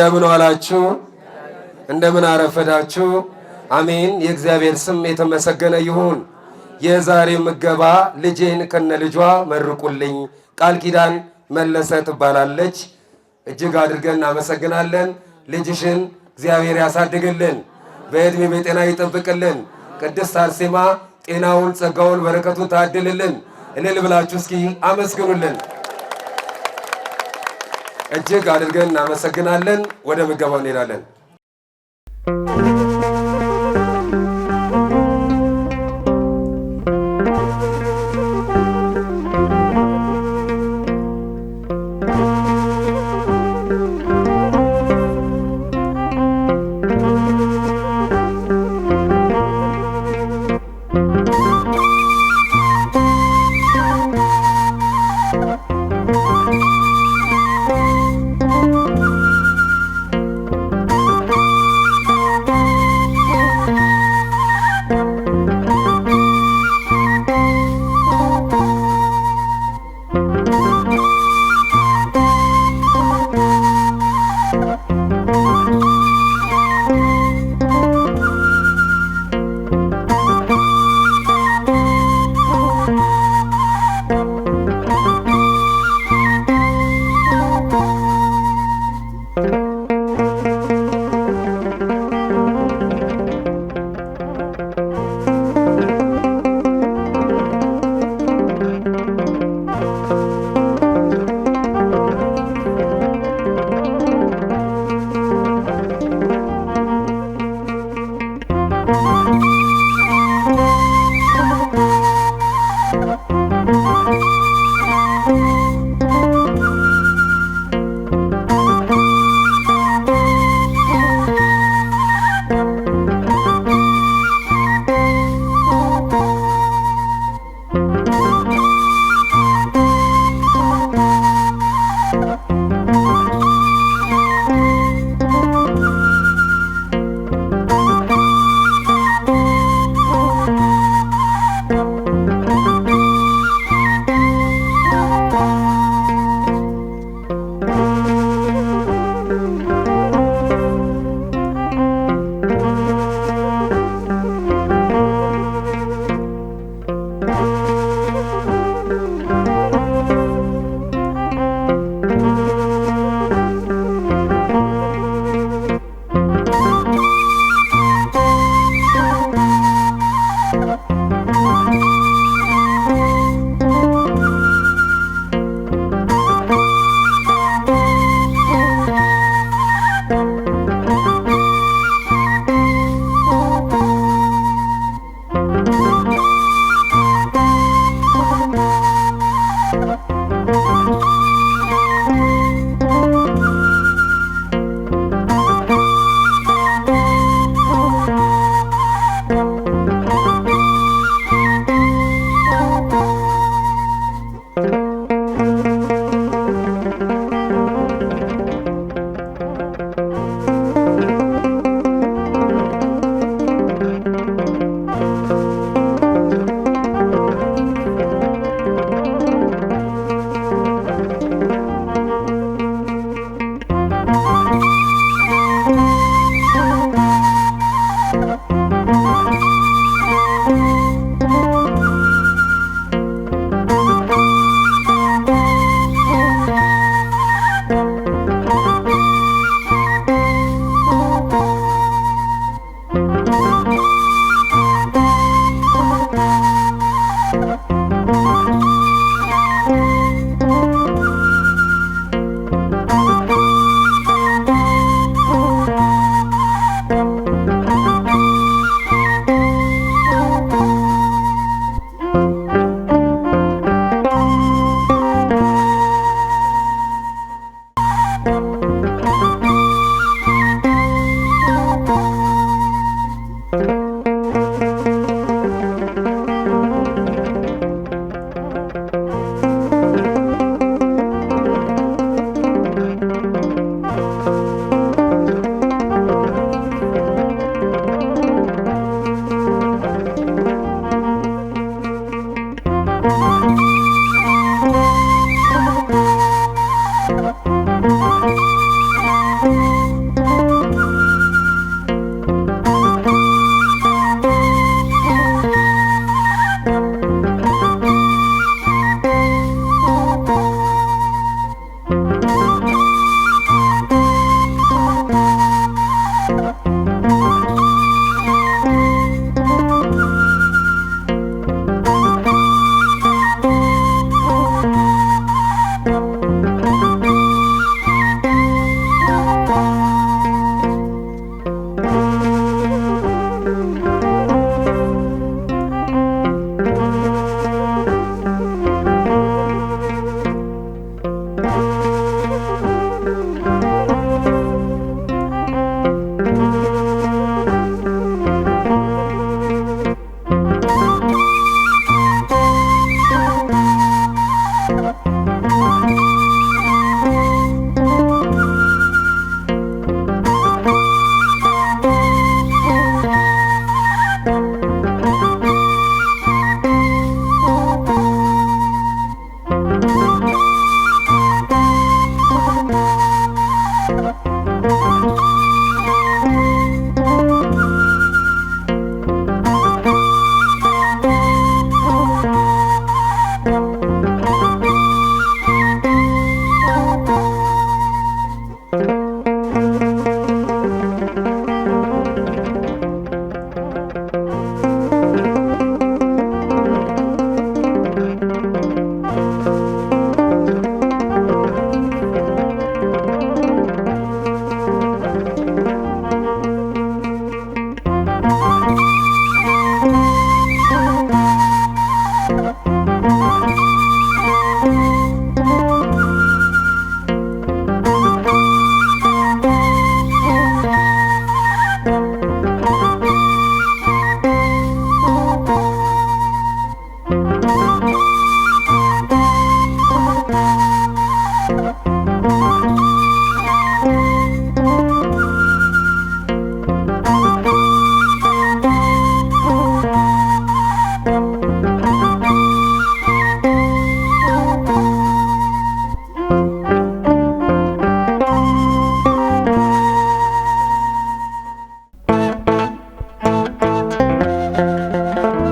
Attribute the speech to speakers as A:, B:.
A: እንደምን ዋላችሁ? እንደምን አረፈዳችሁ? አሜን። የእግዚአብሔር ስም የተመሰገነ ይሁን። የዛሬ ምገባ ልጄን ከነ ልጇ መርቁልኝ። ቃል ኪዳን መለሰ ትባላለች። እጅግ አድርገን እናመሰግናለን። ልጅሽን እግዚአብሔር ያሳድግልን፣ በዕድሜ በጤና ይጠብቅልን። ቅድስት አርሴማ ጤናውን፣ ጸጋውን፣ በረከቱን ታድልልን። እልል ብላችሁ እስኪ አመስግኑልን። እጅግ አድርገን እናመሰግናለን። ወደ ምገባው እንሄዳለን። Bye.